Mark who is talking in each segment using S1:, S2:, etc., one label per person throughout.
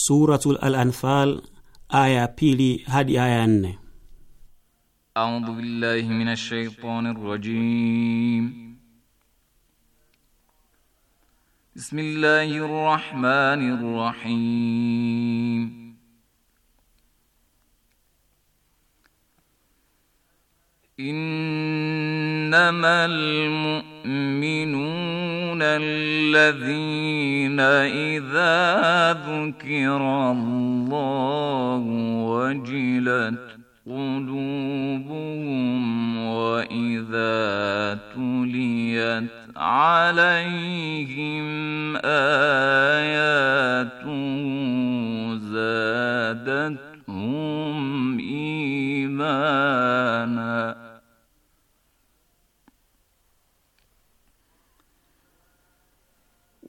S1: Suratul Al-Anfal aya pili hadi aya nne.
S2: A'udhu billahi minash shaitanir rajim. Bismillahir rahmanir rahim. إنما المؤمنون الذين إذا ذكر الله وجلت قلوبهم وإذا تليت عليهم آياته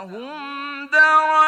S2: لهم درجة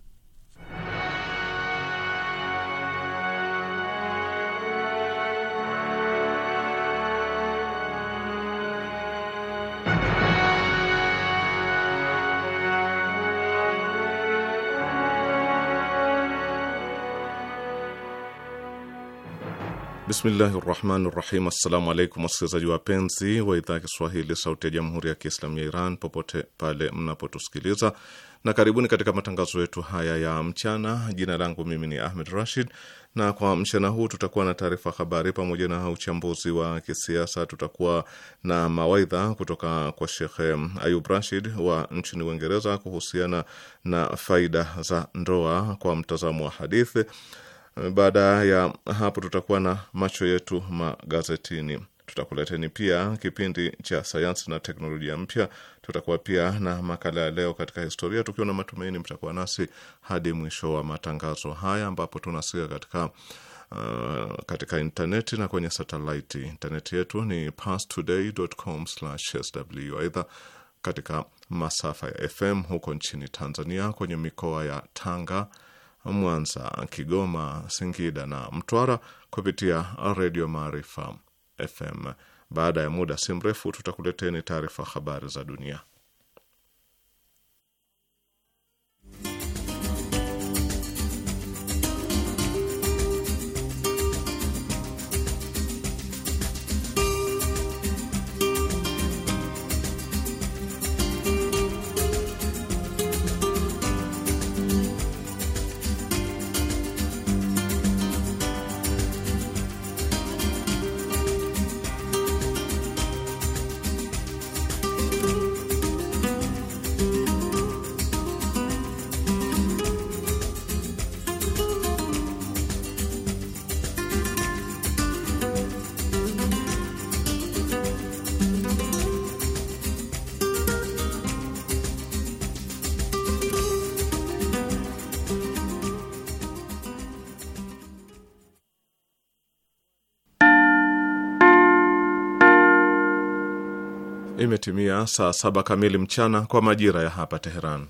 S3: Bismillahi rahmani rahim. Assalamu alaikum wasikilizaji wapenzi wa idhaa ya Kiswahili sauti ya jamhuri ya Kiislamu ya Iran popote pale mnapotusikiliza, na karibuni katika matangazo yetu haya ya mchana. Jina langu mimi ni Ahmed Rashid, na kwa mchana huu tutakuwa na taarifa habari pamoja na uchambuzi wa kisiasa. Tutakuwa na mawaidha kutoka kwa Shekhe Ayub Rashid wa nchini Uingereza kuhusiana na faida za ndoa kwa mtazamo wa hadithi Eh, baada ya hapo, tutakuwa na macho yetu magazetini. Tutakuleteni pia kipindi cha sayansi na teknolojia mpya. Tutakuwa pia na makala ya leo katika historia, tukiwa na matumaini mtakuwa nasi hadi mwisho wa matangazo haya, ambapo tunasikia katika Uh, katika intaneti na kwenye satelaiti. Intaneti yetu ni pastoday.com/sw. Aidha, katika masafa ya FM huko nchini Tanzania kwenye mikoa ya Tanga Mwanza, Kigoma, Singida na Mtwara kupitia Redio Maarifa FM. Baada ya muda si mrefu, tutakuleteni taarifa habari za dunia. imetimia saa saba kamili mchana kwa majira ya hapa Teheran.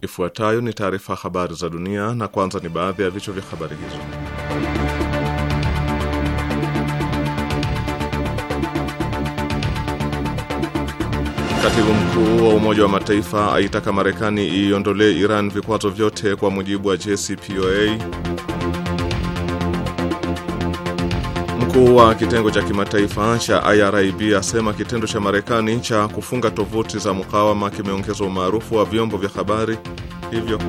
S3: Ifuatayo ni taarifa habari za dunia, na kwanza ni baadhi ya vichwa vya habari hizo. Katibu mkuu wa Umoja wa Mataifa aitaka Marekani iiondolee Iran vikwazo vyote kwa mujibu wa JCPOA. Mkuu wa kitengo cha kimataifa cha IRIB asema kitendo cha Marekani cha kufunga tovuti za mukawama kimeongeza umaarufu wa vyombo vya habari hivyo.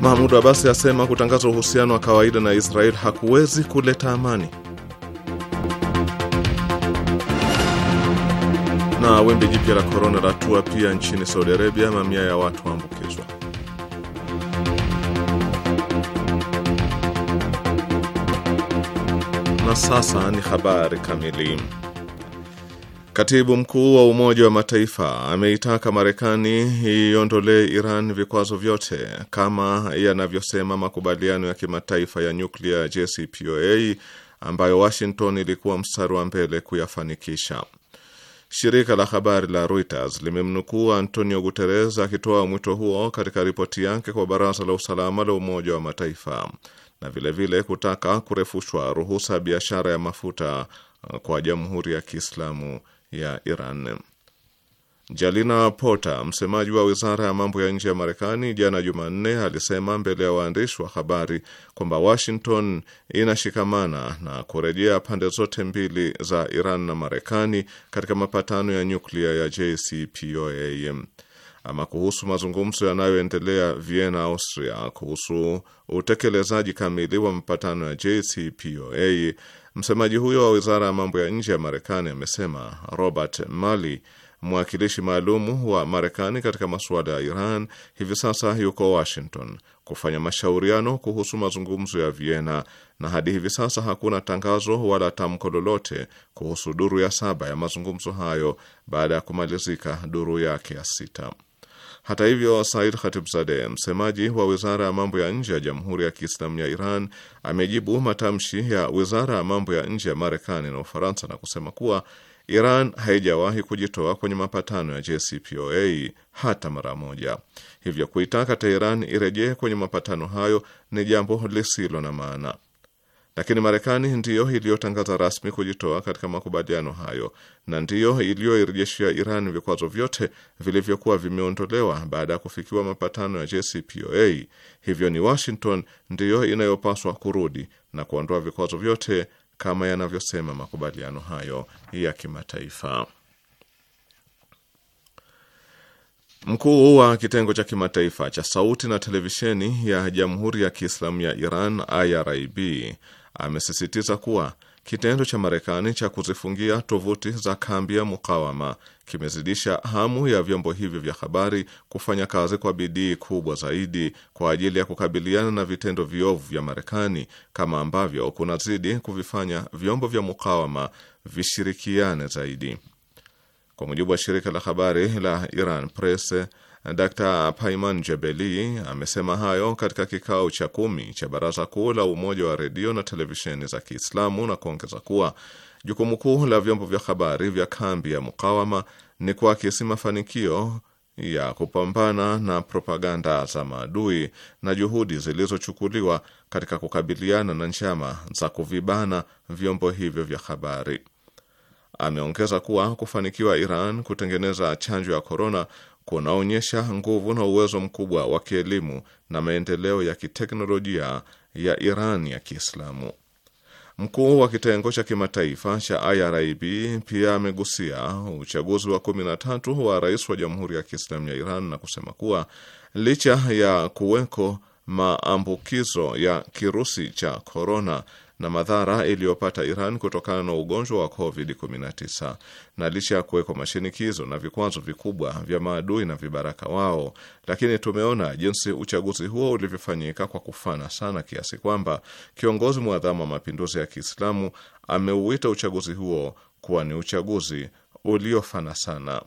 S3: Mahmud Abbas asema kutangaza uhusiano wa kawaida na Israel hakuwezi kuleta amani. Na wimbi jipya la korona latua pia nchini Saudi Arabia, mamia ya watu waambukizwa. Na sasa ni habari kamili. Katibu mkuu wa Umoja wa Mataifa ameitaka Marekani iondolee Iran vikwazo vyote kama yanavyosema makubaliano ya kimataifa ya nyuklia JCPOA ambayo Washington ilikuwa mstari wa mbele kuyafanikisha. Shirika la habari la Reuters limemnukuu Antonio Guterres akitoa mwito huo katika ripoti yake kwa Baraza la Usalama la Umoja wa Mataifa na vilevile vile kutaka kurefushwa ruhusa biashara ya mafuta uh, kwa Jamhuri ya Kiislamu ya Iran. Jalina Porter, msemaji wa wizara ya mambo ya nje ya Marekani, jana Jumanne, alisema mbele ya waandishi wa habari kwamba Washington inashikamana na kurejea pande zote mbili za Iran na Marekani katika mapatano ya nyuklia ya JCPOA. Ama kuhusu mazungumzo yanayoendelea Vienna, Austria, kuhusu utekelezaji kamili wa mapatano ya JCPOA, msemaji huyo wa wizara ya mambo ya nje ya Marekani amesema Robert Malley mwakilishi maalumu wa Marekani katika masuala ya Iran hivi sasa yuko Washington kufanya mashauriano kuhusu mazungumzo ya Vienna, na hadi hivi sasa hakuna tangazo wala tamko lolote kuhusu duru ya saba ya mazungumzo hayo baada ya kumalizika duru yake ya sita. Hata hivyo, Said Khatibzadeh, msemaji wa wizara ya mambo ya nje ya Jamhuri ya Kiislamu ya Iran, amejibu matamshi ya wizara ya mambo ya nje ya Marekani na Ufaransa na kusema kuwa Iran haijawahi kujitoa kwenye mapatano ya JCPOA hata mara moja, hivyo kuitaka Teheran irejee kwenye mapatano hayo ni jambo lisilo na maana. Lakini Marekani ndiyo iliyotangaza rasmi kujitoa katika makubaliano hayo na ndiyo iliyoirejeshia Iran vikwazo vyote vilivyokuwa vimeondolewa baada ya kufikiwa mapatano ya JCPOA. Hivyo ni Washington ndiyo inayopaswa kurudi na kuondoa vikwazo vyote kama yanavyosema makubaliano hayo ya kimataifa. Mkuu wa kitengo cha kimataifa cha sauti na televisheni ya Jamhuri ya Kiislamu ya Iran, IRIB, amesisitiza kuwa Kitendo cha Marekani cha kuzifungia tovuti za kambi ya mukawama kimezidisha hamu ya vyombo hivyo vya habari kufanya kazi kwa bidii kubwa zaidi kwa ajili ya kukabiliana na vitendo viovu vya Marekani, kama ambavyo kunazidi kuvifanya vyombo vya mukawama vishirikiane zaidi. Kwa mujibu wa shirika la habari la Iran Press, Dr Paiman Jebeli amesema hayo katika kikao cha kumi cha Baraza Kuu la Umoja wa Redio na Televisheni za Kiislamu na kuongeza kuwa jukumu kuu la vyombo vya habari vya kambi ya mukawama ni kuakisi mafanikio ya kupambana na propaganda za maadui na juhudi zilizochukuliwa katika kukabiliana na njama za kuvibana vyombo hivyo vya habari. Ameongeza kuwa kufanikiwa Iran kutengeneza chanjo ya korona kunaonyesha nguvu na uwezo mkubwa wa kielimu na maendeleo ya kiteknolojia ya Iran ya Kiislamu. Mkuu wa kitengo cha kimataifa cha IRIB pia amegusia uchaguzi wa 13 wa rais wa Jamhuri ya Kiislamu ya Iran na kusema kuwa licha ya kuweko maambukizo ya kirusi cha korona na madhara iliyopata Iran kutokana na ugonjwa wa COVID-19, na licha ya kuwekwa mashinikizo na vikwazo vikubwa vya maadui na vibaraka wao, lakini tumeona jinsi uchaguzi huo ulivyofanyika kwa kufana sana kiasi kwamba kiongozi mwadhamu wa mapinduzi ya Kiislamu ameuita uchaguzi huo kuwa ni uchaguzi uliofana sana.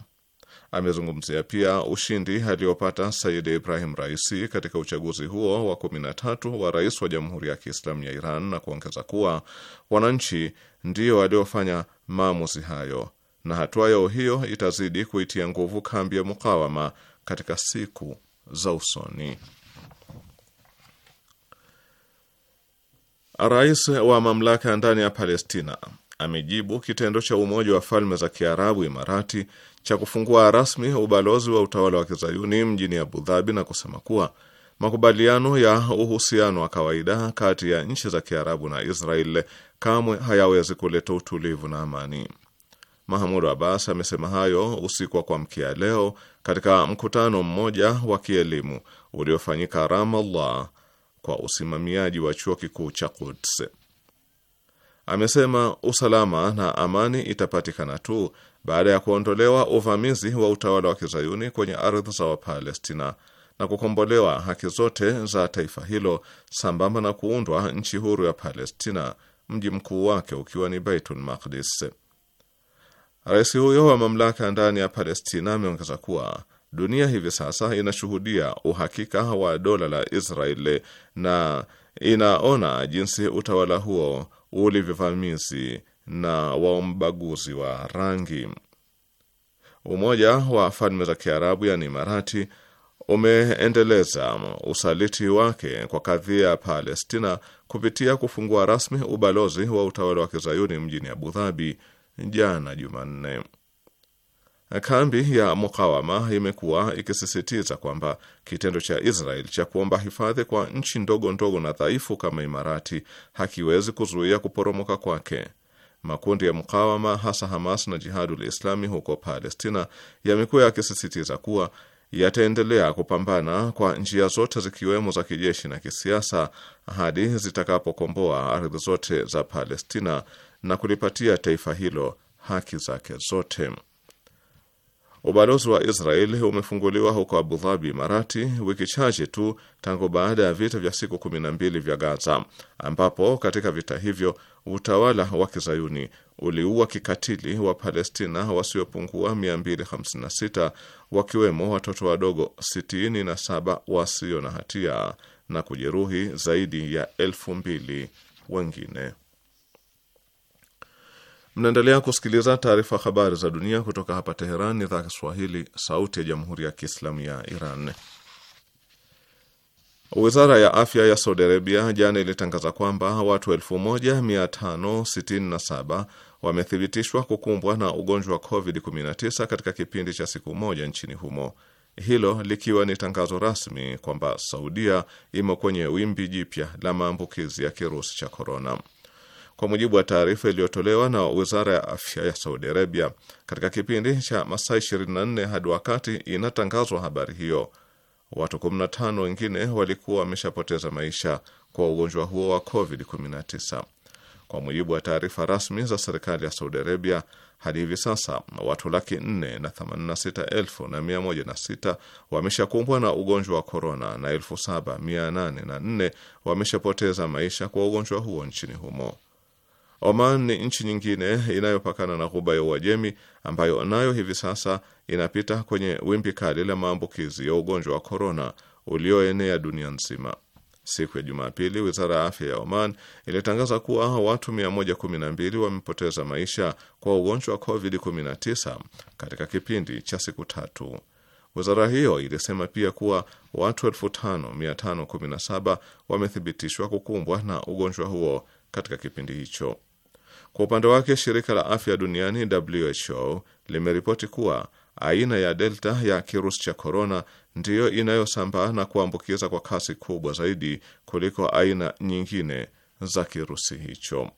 S3: Amezungumzia pia ushindi aliyopata Said Ibrahim Raisi katika uchaguzi huo wa tatu wa rais wa Jamhuri ya Kiislamu ya Iran na kuongeza kuwa wananchi ndio waliofanya maamuzi hayo na hatua yao hiyo itazidi kuitia nguvu kambi ya mukawama katika siku za usoni. Rais wa mamlaka ndani ya Palestina amejibu kitendo cha Umoja wa Falme za Kiarabu Imarati cha kufungua rasmi ubalozi wa utawala wa kizayuni mjini Abu Dhabi na kusema kuwa makubaliano ya uhusiano wa kawaida kati ya nchi za Kiarabu na Israel kamwe hayawezi kuleta utulivu na amani. Mahmud Abbas amesema hayo usiku wa kuamkia leo katika mkutano mmoja wa kielimu uliofanyika Ramallah kwa usimamiaji wa chuo kikuu cha Quds. Amesema usalama na amani itapatikana tu baada ya kuondolewa uvamizi wa utawala wa kizayuni kwenye ardhi za Wapalestina na kukombolewa haki zote za taifa hilo sambamba na kuundwa nchi huru ya Palestina, mji mkuu wake ukiwa ni Baitul Maqdis. Rais huyo wa mamlaka ndani ya Palestina ameongeza kuwa dunia hivi sasa inashuhudia uhakika wa dola la Israeli na inaona jinsi utawala huo ulivyovamizi na wa mbaguzi wa rangi. Umoja wa Falme za Kiarabu yaani Imarati umeendeleza usaliti wake kwa kadhia ya Palestina kupitia kufungua rasmi ubalozi wa utawala wa kizayuni mjini Abu Dhabi jana Jumanne. Kambi ya mukawama imekuwa ikisisitiza kwamba kitendo cha Israel cha kuomba hifadhi kwa nchi ndogo ndogo na dhaifu kama Imarati hakiwezi kuzuia kuporomoka kwake Makundi ya mukawama hasa Hamas na Jihadul Islami huko Palestina yamekuwa yakisisitiza kuwa yataendelea kupambana kwa njia zote zikiwemo za kijeshi na kisiasa hadi zitakapokomboa ardhi zote za Palestina na kulipatia taifa hilo haki zake zote. Ubalozi wa israel umefunguliwa huko Abu Dhabi, Imarati, wiki chache tu tangu baada ya vita vya siku mbili vya Gaza, ambapo katika vita hivyo utawala wa kizayuni uliua kikatili wa Palestina wasiopungua 256 wakiwemo watoto wadogo 67 wasio na hatia na kujeruhi zaidi ya elfu mbili wengine. Mnaendelea kusikiliza taarifa habari za dunia kutoka hapa teheran idhaa Kiswahili, sauti ya jamhuri ya kiislamu ya Iran. Wizara ya afya ya Saudi Arabia jana ilitangaza kwamba watu 1567 wamethibitishwa kukumbwa na ugonjwa wa COVID-19 katika kipindi cha siku moja nchini humo, hilo likiwa ni tangazo rasmi kwamba Saudia imo kwenye wimbi jipya la maambukizi ya kirusi cha korona. Kwa mujibu wa taarifa iliyotolewa na wizara ya afya ya Saudi Arabia katika kipindi cha masaa 24 hadi wakati inatangazwa habari hiyo, watu 15 wengine walikuwa wameshapoteza maisha kwa ugonjwa huo wa COVID-19. Kwa mujibu wa taarifa rasmi za serikali ya Saudi Arabia, hadi hivi sasa watu laki nne na themanini sita elfu na mia moja na sita wameshakumbwa na ugonjwa wa korona na elfu saba mia nane na nne wameshapoteza maisha kwa ugonjwa huo nchini humo. Oman ni nchi nyingine inayopakana na ghuba ya Uajemi ambayo nayo hivi sasa inapita kwenye wimbi kali la maambukizi ya ugonjwa wa korona ulioenea dunia nzima. Siku ya Jumapili, wizara ya afya ya Oman ilitangaza kuwa watu 112 wamepoteza maisha kwa ugonjwa wa COVID-19 katika kipindi cha siku tatu. Wizara hiyo ilisema pia kuwa watu 5517 wamethibitishwa kukumbwa na ugonjwa huo katika kipindi hicho. Kwa upande wake shirika la afya duniani WHO limeripoti kuwa aina ya delta ya kirusi cha korona ndiyo inayosambaa na kuambukiza kwa kasi kubwa zaidi kuliko aina nyingine za kirusi hicho.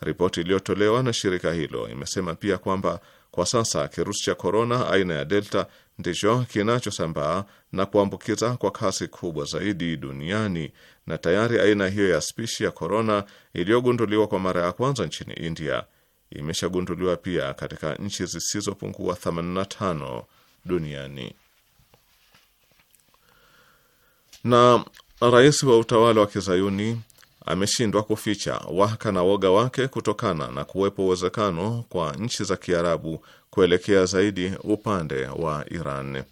S3: Ripoti iliyotolewa na shirika hilo imesema pia kwamba kwa sasa kirusi cha korona aina ya delta ndicho kinachosambaa na kuambukiza kwa kasi kubwa zaidi duniani, na tayari aina hiyo ya spishi ya korona iliyogunduliwa kwa mara ya kwanza nchini India imeshagunduliwa pia katika nchi zisizopungua 85 duniani. Na rais wa utawala wa kizayuni ameshindwa kuficha waka na woga wake kutokana na kuwepo uwezekano kwa nchi za Kiarabu kuelekea zaidi upande wa Iran.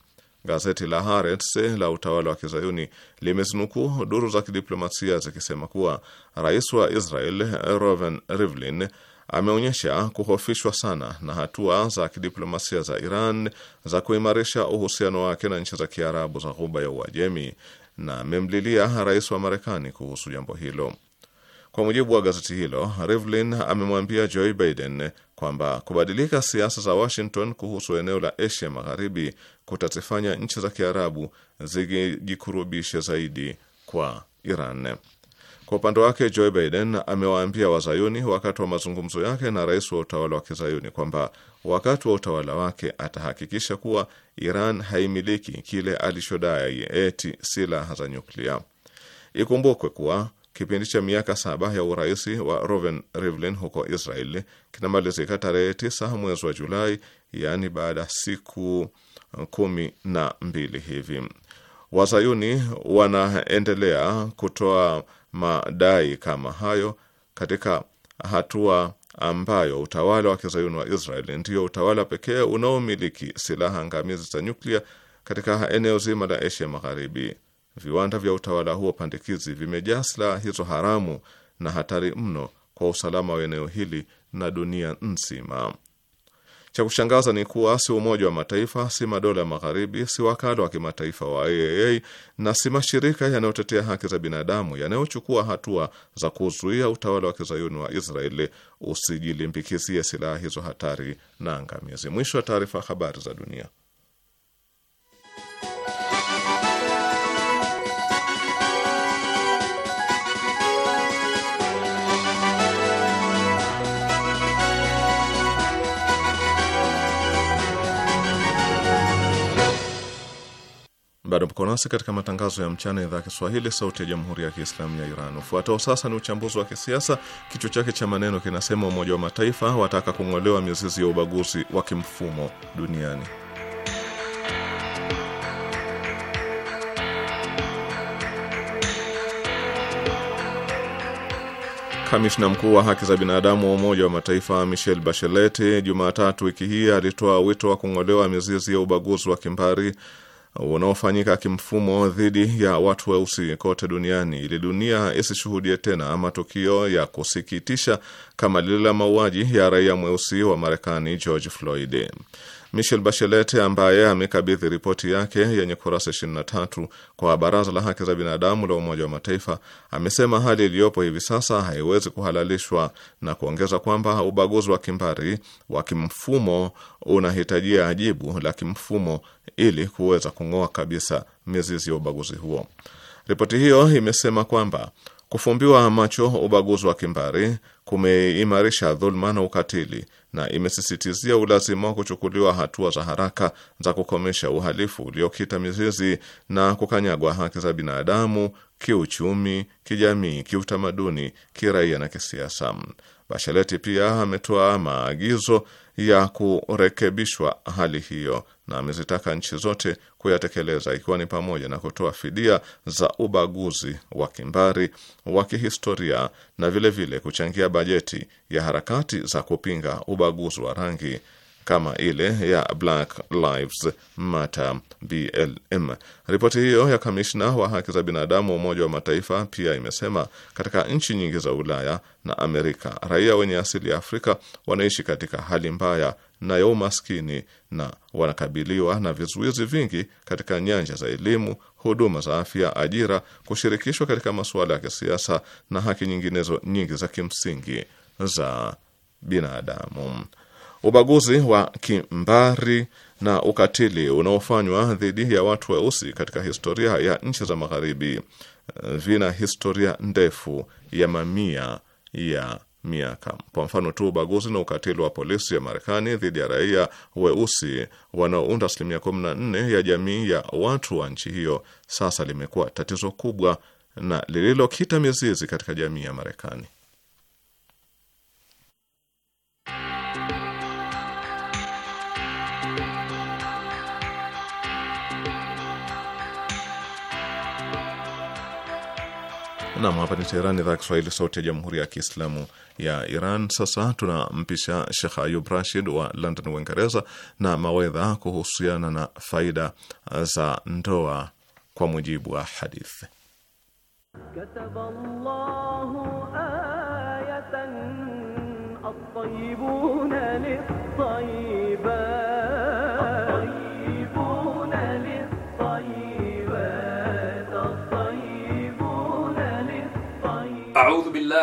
S3: Gazeti la Haaretz la utawala wa kizayuni limezinukuu duru za kidiplomasia zikisema kuwa rais wa Israel Reuven Rivlin ameonyesha kuhofishwa sana na hatua za kidiplomasia za Iran za kuimarisha uhusiano wake na nchi za Kiarabu za Ghuba ya Uajemi na amemlilia rais wa Marekani kuhusu jambo hilo. Kwa mujibu wa gazeti hilo, Rivlin amemwambia Joe Biden kwamba kubadilika siasa za Washington kuhusu eneo la Asia Magharibi kutazifanya nchi za Kiarabu zijikurubishe zaidi kwa Iran. Kwa upande wake Joe Biden amewaambia wazayuni wakati wa mazungumzo yake na rais wa utawala wa kizayuni kwamba wakati wa utawala wake atahakikisha kuwa Iran haimiliki kile alichodai eti silaha za nyuklia. Ikumbukwe kuwa kipindi cha miaka saba ya uraisi wa Reuven Rivlin huko israel kinamalizika tarehe tisa mwezi wa Julai, yaani baada ya siku kumi na mbili hivi. Wazayuni wanaendelea kutoa madai kama hayo katika hatua ambayo utawala wa kizayuni wa Israel ndiyo utawala pekee unaomiliki silaha ngamizi za nyuklia katika eneo zima la Asia Magharibi. Viwanda vya utawala huo pandikizi vimejaa silaha hizo haramu na hatari mno kwa usalama wa eneo hili na dunia nzima. Cha kushangaza ni kuwa si Umoja wa Mataifa, si madola ya Magharibi, si wakala wa kimataifa wa aaa na si mashirika yanayotetea haki za binadamu yanayochukua hatua za kuzuia utawala wa kizayuni wa Israeli usijilimbikizie silaha hizo hatari na angamizi. Mwisho wa taarifa. Habari za dunia. Bado mko nasi katika matangazo ya mchana, idhaa ya Kiswahili, sauti ya jamhuri ya kiislamu ya Iran. Ufuatao sasa ni uchambuzi wa kisiasa, kichwa chake cha maneno kinasema: Umoja wa Mataifa wataka kung'olewa mizizi ya ubaguzi wa kimfumo duniani. Kamishna mkuu wa haki za binadamu wa Umoja wa Mataifa michel Bachelet Jumatatu wiki hii alitoa wito wa kung'olewa mizizi ya ubaguzi wa kimbari unaofanyika kimfumo dhidi ya watu weusi kote duniani ili dunia isishuhudie tena matukio ya kusikitisha kama lile la mauaji ya raia mweusi wa Marekani George Floyd. Michel Bachelet ambaye amekabidhi ripoti yake yenye kurasa 23 kwa Baraza la Haki za Binadamu la Umoja wa Mataifa amesema hali iliyopo hivi sasa haiwezi kuhalalishwa na kuongeza kwamba ubaguzi wa kimbari wa kimfumo unahitajia ajibu la kimfumo ili kuweza kung'oa kabisa mizizi ya ubaguzi huo. Ripoti hiyo imesema kwamba kufumbiwa macho ubaguzi wa kimbari kumeimarisha dhuluma na ukatili na imesisitizia ulazima wa kuchukuliwa hatua za haraka za kukomesha uhalifu uliokita mizizi na kukanyagwa haki za binadamu kiuchumi, kijamii, kiutamaduni, kiraia na kisiasa. Bashaleti pia ametoa maagizo ya kurekebishwa hali hiyo na amezitaka nchi zote kuyatekeleza ikiwa ni pamoja na kutoa fidia za ubaguzi wa kimbari wa kihistoria na vilevile vile kuchangia bajeti ya harakati za kupinga ubaguzi wa rangi kama ile ya Black Lives Matter BLM. Ripoti hiyo ya kamishna wa haki za binadamu wa Umoja wa Mataifa pia imesema katika nchi nyingi za Ulaya na Amerika, raia wenye asili ya Afrika wanaishi katika hali mbaya na ya umaskini na wanakabiliwa na vizuizi vingi katika nyanja za elimu, huduma za afya, ajira, kushirikishwa katika masuala ya kisiasa na haki nyinginezo nyingi za kimsingi za binadamu. Ubaguzi wa kimbari na ukatili unaofanywa dhidi ya watu weusi katika historia ya nchi za Magharibi vina historia ndefu ya mamia ya miaka. Kwa mfano tu, ubaguzi na ukatili wa polisi ya Marekani dhidi ya raia weusi wanaounda asilimia nne ya jamii ya watu wa nchi hiyo sasa limekuwa tatizo kubwa na lililokita mizizi katika jamii ya Marekani. Nam, hapa ni Teherani, idhaa ya Kiswahili, sauti ya jamhuri ya kiislamu ya Iran. Sasa tunampisha Shekh Ayub Rashid wa London, Uingereza, na mawedha kuhusiana na faida za ndoa kwa mujibu wa hadithi.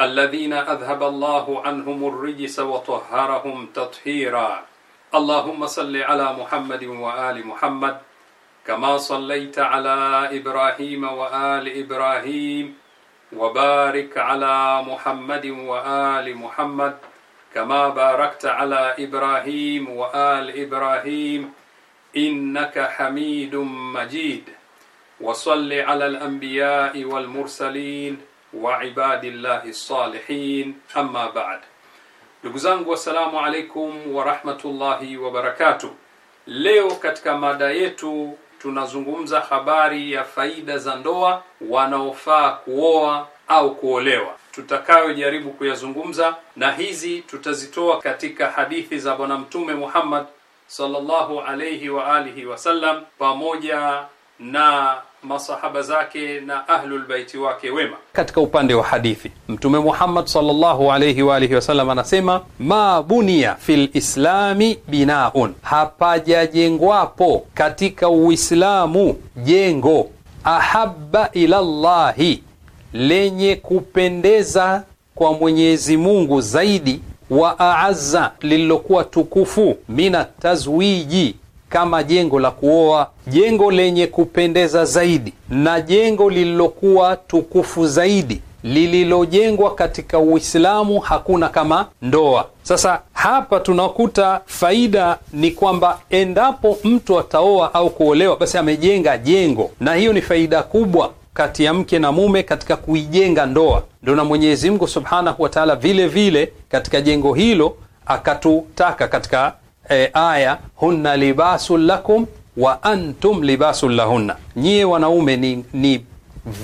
S4: الذين أذهب الله عنهم الرجس وطهرهم تطهيرا اللهم صل على محمد وآل محمد كما صليت على إبراهيم وآل إبراهيم وبارك على محمد وآل محمد كما باركت على إبراهيم وآل إبراهيم إنك حميد مجيد وصل على الأنبياء والمرسلين wa ibadillahi salihin amma baad ndugu zangu wassalamu alaikum warahmatullahi wabarakatuh leo katika mada yetu tunazungumza habari ya faida za ndoa wanaofaa kuoa au kuolewa tutakayojaribu kuyazungumza na hizi tutazitoa katika hadithi za bwana mtume Muhammad sallallahu alayhi wa alihi wasallam pamoja na masahaba zake na ahlulbaiti wake wema. Katika upande wa hadithi, Mtume Muhammad sallallahu alayhi wa alihi wasallam anasema ma bunia fil islami binaun, hapajajengwapo katika Uislamu jengo ahabba ila llahi, lenye kupendeza kwa Mwenyezi Mungu zaidi, wa aazza, lililokuwa tukufu, mina tazwiji kama jengo la kuoa, jengo lenye kupendeza zaidi na jengo lililokuwa tukufu zaidi lililojengwa katika Uislamu hakuna kama ndoa. Sasa hapa tunakuta faida ni kwamba endapo mtu ataoa au kuolewa, basi amejenga jengo, na hiyo ni faida kubwa kati ya mke na mume katika kuijenga ndoa. Ndo na Mwenyezi Mungu subhanahu wa taala vile vile katika jengo hilo akatutaka katika e, aya hunna libasun lakum wa antum libasun lahunna, nyie wanaume ni, ni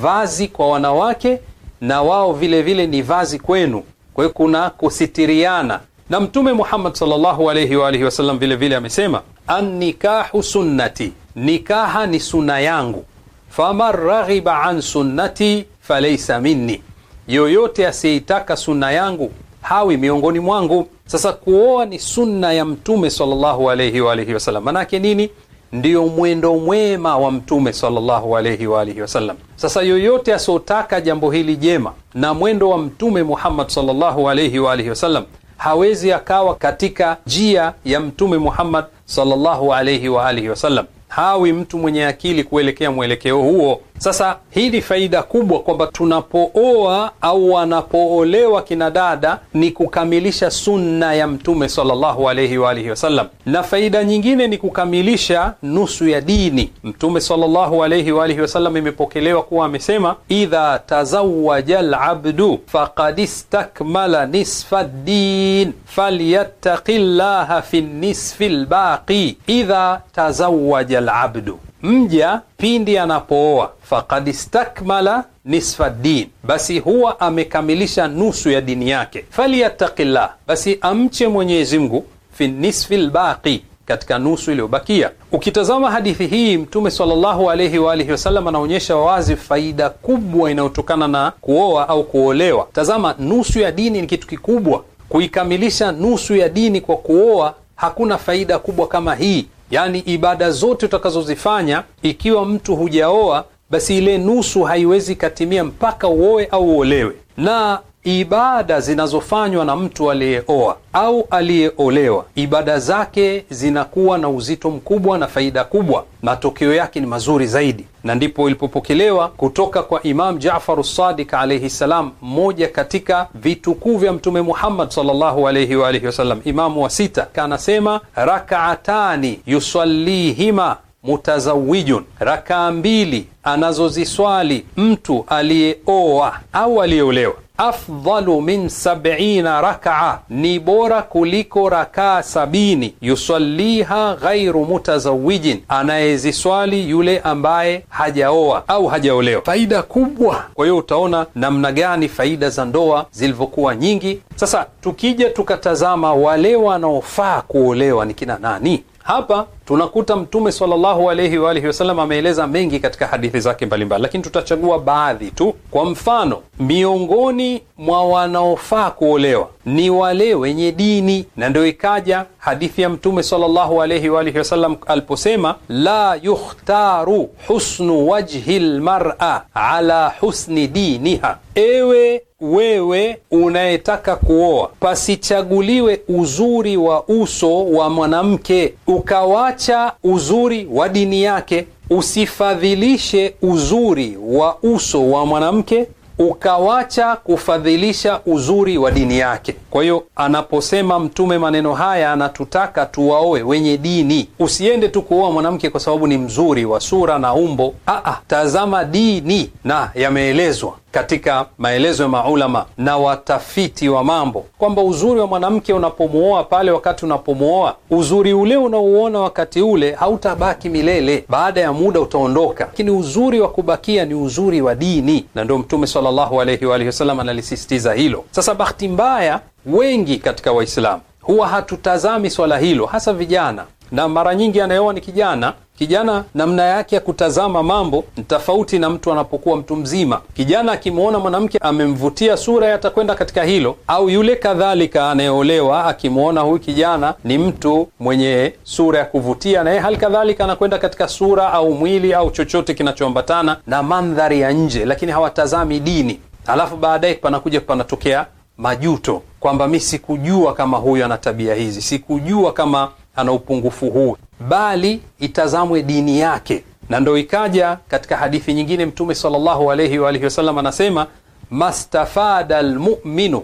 S4: vazi kwa wanawake na wao vile vile ni vazi kwenu. Kwa hiyo kuna kusitiriana, na Mtume Muhammad sallallahu alayhi wa alihi wasallam vile vile amesema annikahu sunnati, nikaha ni suna yangu, faman raghiba an sunnati falaysa minni, yoyote asiyeitaka suna yangu hawi miongoni mwangu. Sasa kuoa ni sunna ya Mtume sallallahu wa alihi wasallam. Manake nini? Ndiyo mwendo mwema wa Mtume sallallahu wa alihi wasallam. Sasa yoyote asiotaka jambo hili jema na mwendo wa Mtume Muhammad sallallahu wa alihi wasallam hawezi akawa katika njia ya Mtume Muhammad sallallahu wa alihi wasallam hawi mtu mwenye akili kuelekea mwelekeo huo. Sasa hii ni faida kubwa kwamba tunapooa au wanapoolewa kina dada ni kukamilisha sunna ya Mtume sallallahu wa alihi wasallam, na faida nyingine ni kukamilisha nusu ya dini. Mtume sallallahu wa alihi wasallam imepokelewa kuwa amesema, idha tazawaja labdu faqad istakmala nisfa ddin falyattaki llaha fi nisfi lbaqi idha tazawaja alabdu, mja pindi anapooa, faqad istakmala nisfa din, basi huwa amekamilisha nusu ya dini yake. Falyattaqillah, basi amche Mwenyezi Mungu fi nisfi lbaqi katika nusu iliyobakia. Ukitazama hadithi hii, Mtume sallallahu alayhi wa alihi wasallam anaonyesha wazi faida kubwa inayotokana na kuoa au kuolewa. Tazama, nusu ya dini ni kitu kikubwa. Kuikamilisha nusu ya dini kwa kuoa hakuna faida kubwa kama hii. Yaani, ibada zote utakazozifanya ikiwa mtu hujaoa, basi ile nusu haiwezi katimia mpaka uoe au uolewe. Na ibada zinazofanywa na mtu aliyeoa au aliyeolewa, ibada zake zinakuwa na uzito mkubwa na faida kubwa, matokeo yake ni mazuri zaidi. Na ndipo ilipopokelewa kutoka kwa Imam Jafaru Sadiq alaihi ssalam, mmoja katika vitukuu vya Mtume Muhammad sallallahu alaihi wa alihi wasallam, imamu wa sita, kanasema rakaatani yusalihima mutazawijun, rakaa mbili anazoziswali mtu aliyeoa au aliyeolewa afdalu min sabina rakaa, ni bora kuliko rakaa sabini. Yusaliha ghairu mutazawijin, anayeziswali yule ambaye hajaoa au hajaolewa. Faida kubwa. Kwa hiyo utaona namna gani faida za ndoa zilivyokuwa nyingi. Sasa tukija tukatazama wale wanaofaa kuolewa ni kina nani hapa tunakuta Mtume sallallahu alayhi wa alihi wasallam ameeleza mengi katika hadithi zake mbalimbali, lakini tutachagua baadhi tu. Kwa mfano, miongoni mwa wanaofaa kuolewa ni wale wenye dini, na ndio ikaja hadithi ya Mtume sallallahu alayhi wa alihi wasallam aliposema, la yukhtaru husnu wajhi lmara ala husni diniha, ewe wewe unayetaka kuoa, pasichaguliwe uzuri wa uso wa mwanamke ukawa acha uzuri wa dini yake, usifadhilishe uzuri wa uso wa mwanamke ukawacha kufadhilisha uzuri wa dini yake. Kwa hiyo anaposema Mtume maneno haya, anatutaka tuwaoe wenye dini. Usiende tu kuoa mwanamke kwa sababu ni mzuri wa sura na umbo. Aa, tazama dini na yameelezwa katika maelezo ya maulama na watafiti wa mambo kwamba uzuri wa mwanamke unapomwoa pale, wakati unapomwoa, uzuri ule unaouona wakati ule hautabaki milele, baada ya muda utaondoka, lakini uzuri wa kubakia ni uzuri wa dini, na ndio Mtume sallallahu alaihi wa alihi wasallam analisisitiza hilo. Sasa bahati mbaya, wengi katika Waislamu huwa hatutazami swala hilo, hasa vijana, na mara nyingi anayeoa ni kijana Kijana namna yake ya kutazama mambo ni tofauti na mtu anapokuwa mtu mzima. Kijana akimwona mwanamke amemvutia sura, atakwenda katika hilo, au yule kadhalika anayeolewa akimwona huyu kijana ni mtu mwenye sura ya kuvutia, na yeye hali kadhalika anakwenda katika sura au mwili au chochote kinachoambatana na mandhari ya nje, lakini hawatazami dini. Alafu baadaye panakuja panatokea majuto kwamba mi sikujua kama huyu ana tabia hizi, sikujua kama ana upungufu huu, bali itazamwe dini yake. Na ndo ikaja katika hadithi nyingine Mtume sallallahu alayhi wa alihi wasallam anasema mastafada lmuminu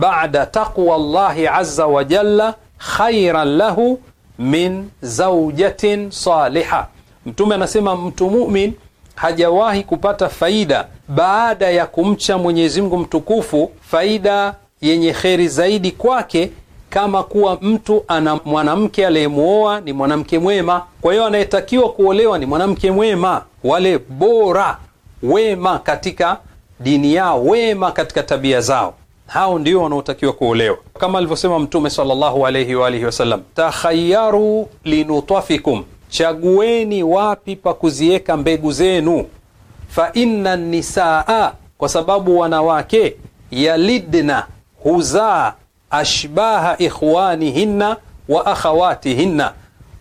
S4: bada taqwa llahi azza wa jalla khairan lahu min zaujatin saliha. Mtume anasema mtu mumin hajawahi kupata faida baada ya kumcha Mwenyezi Mungu mtukufu, faida yenye kheri zaidi kwake kama kuwa mtu ana mwanamke aliyemwoa ni mwanamke mwema. Kwa hiyo anayetakiwa kuolewa ni mwanamke mwema, wale bora, wema katika dini yao, wema katika tabia zao, hao ndio wanaotakiwa kuolewa, kama alivyosema Mtume sallallahu alayhi wa alihi wasallam, takhayaru linutafikum, chagueni wapi pa kuziweka mbegu zenu, fa inna nisaa, kwa sababu wanawake yalidna huzaa ashbaha ikhwanihinna wa akhawatihinna,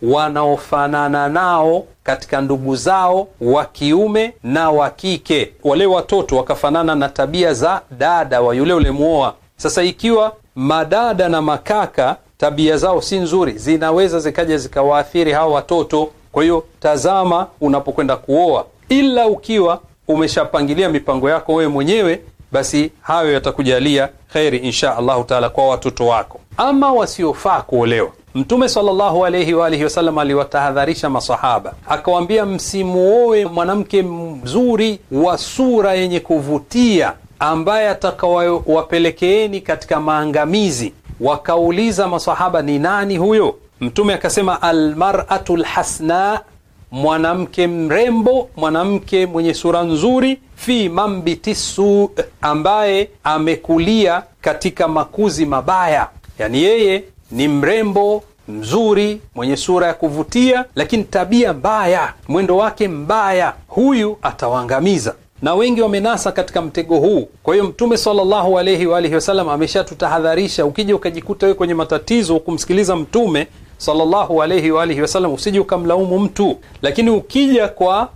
S4: wanaofanana nao katika ndugu zao wa kiume na wa kike. Wale watoto wakafanana na tabia za dada wa yule muoa. Sasa ikiwa madada na makaka tabia zao si nzuri, zinaweza zikaja zikawaathiri hawa watoto. Kwa hiyo tazama unapokwenda kuoa, ila ukiwa umeshapangilia mipango yako wewe mwenyewe basi hayo yatakujalia kheri insha allahu taala kwa watoto wako. Ama wasiofaa kuolewa, Mtume sallallahu alaihi wa alihi wasallam aliwatahadharisha masahaba akawaambia, msimuoe mwanamke mzuri wa sura yenye kuvutia ambaye atakawawapelekeeni katika maangamizi. Wakauliza masahaba, ni nani huyo? Mtume akasema, almaratu lhasna mwanamke mrembo, mwanamke mwenye sura nzuri, fi mambiti su, ambaye amekulia katika makuzi mabaya. Yani yeye ni mrembo mzuri mwenye sura ya kuvutia, lakini tabia mbaya, mwendo wake mbaya, huyu atawaangamiza na wengi wamenasa katika mtego huu. Kwa hiyo Mtume sallallahu alaihi wa alihi wasallam ameshatutahadharisha. Ukija ukajikuta wewe kwenye matatizo, kumsikiliza Mtume sallallahu alayhi wa alihi wasallam, usije ukamlaumu mtu. Lakini ukija kwa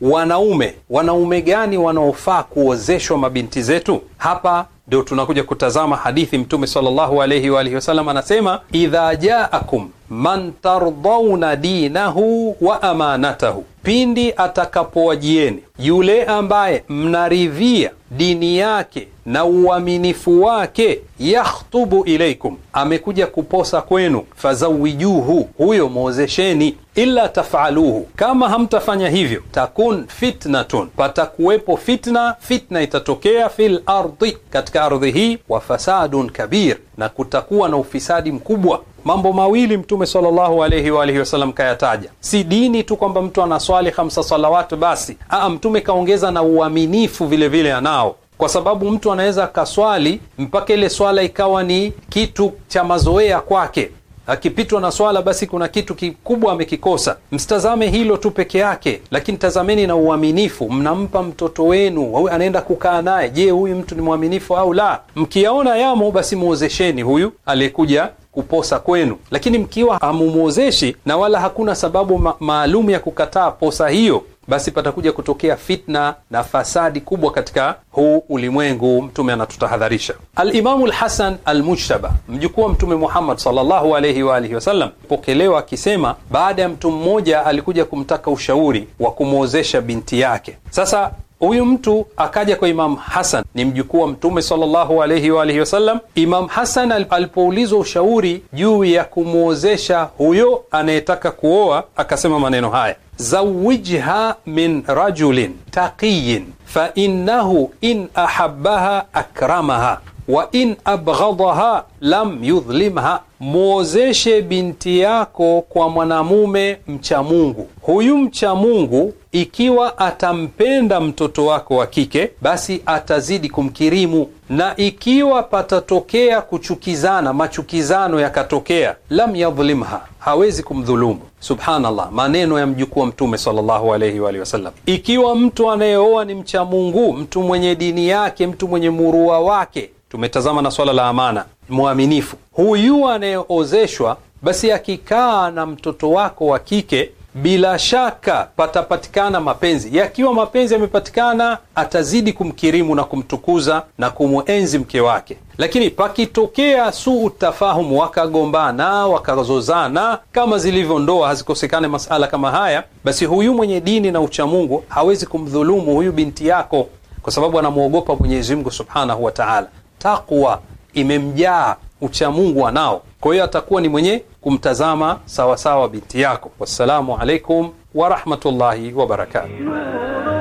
S4: wanaume, wanaume gani wanaofaa kuozeshwa mabinti zetu? Hapa ndio tunakuja kutazama hadithi. Mtume sallallahu alayhi wa alihi wasallam anasema idha jaakum man tardauna dinahu wa amanatahu, pindi atakapowajieni yule ambaye mnaridhia dini yake na uaminifu wake, yakhtubu ilaikum, amekuja kuposa kwenu, fazawijuhu, huyo mwozesheni. Illa tafaluhu, kama hamtafanya hivyo, takun fitnatun, patakuwepo fitna, fitna itatokea fil ardi, katika ardhi hii, wa fasadun kabir, na kutakuwa na ufisadi mkubwa Mambo mawili Mtume sallallahu alayhi wa wasallam kayataja, si dini tu kwamba mtu anaswali hamsa salawatu basi. Aa, Mtume kaongeza na uaminifu vile vile anao kwa sababu mtu anaweza akaswali mpaka ile swala ikawa ni kitu cha mazoea kwake. Akipitwa na swala, basi kuna kitu kikubwa amekikosa. Msitazame hilo tu peke yake, lakini tazameni na uaminifu. Mnampa mtoto wenu anaenda kukaa naye, je, huyu mtu ni mwaminifu au la? Mkiyaona yamo, basi muozesheni huyu aliyekuja kuposa kwenu, lakini mkiwa hamumwozeshi na wala hakuna sababu ma maalum ya kukataa posa hiyo, basi patakuja kutokea fitna na fasadi kubwa katika huu ulimwengu. Mtume anatutahadharisha. Alimamu Lhasan Almujtaba, mjukuu wa Mtume Muhammad sallallahu wa alihi wasallam, pokelewa akisema, baada ya mtu mmoja alikuja kumtaka ushauri wa kumwozesha binti yake. Sasa Huyu mtu akaja kwa Imamu Hasan, ni mjukuu wa Mtume sallallahu alaihi wa alihi wasallam. Imamu Hasan alipoulizwa ushauri juu ya kumwozesha huyo anayetaka kuoa, akasema maneno haya: zawijha min rajulin taqiyin fainnahu in ahabaha akramaha wa in abghadaha lam yudhlimha, mwozeshe binti yako kwa mwanamume mcha Mungu. Huyu mcha Mungu ikiwa atampenda mtoto wako wa kike, basi atazidi kumkirimu, na ikiwa patatokea kuchukizana, machukizano yakatokea, lam yadhlimha, hawezi kumdhulumu. Subhanallah, maneno ya mjukuu wa Mtume sallallahu alayhi wa alihi wasallam. Ikiwa mtu anayeoa ni mcha Mungu, mtu mwenye dini yake, mtu mwenye murua wake tumetazama na swala la amana, mwaminifu huyu anayeozeshwa, basi akikaa na mtoto wako wa kike bila shaka patapatikana mapenzi. Yakiwa mapenzi yamepatikana, atazidi kumkirimu na kumtukuza na kumwenzi mke wake. Lakini pakitokea su utafahumu wakagombana wakazozana, kama zilivyo ndoa, hazikosekane masala kama haya, basi huyu mwenye dini na uchamungu hawezi kumdhulumu huyu binti yako, kwa sababu anamwogopa mwenyezimgu subhanahu wataala takwa imemjaa uchamungu anao, kwa hiyo atakuwa ni mwenye kumtazama sawasawa binti yako. Wassalamu alaikum warahmatullahi wabarakatuh.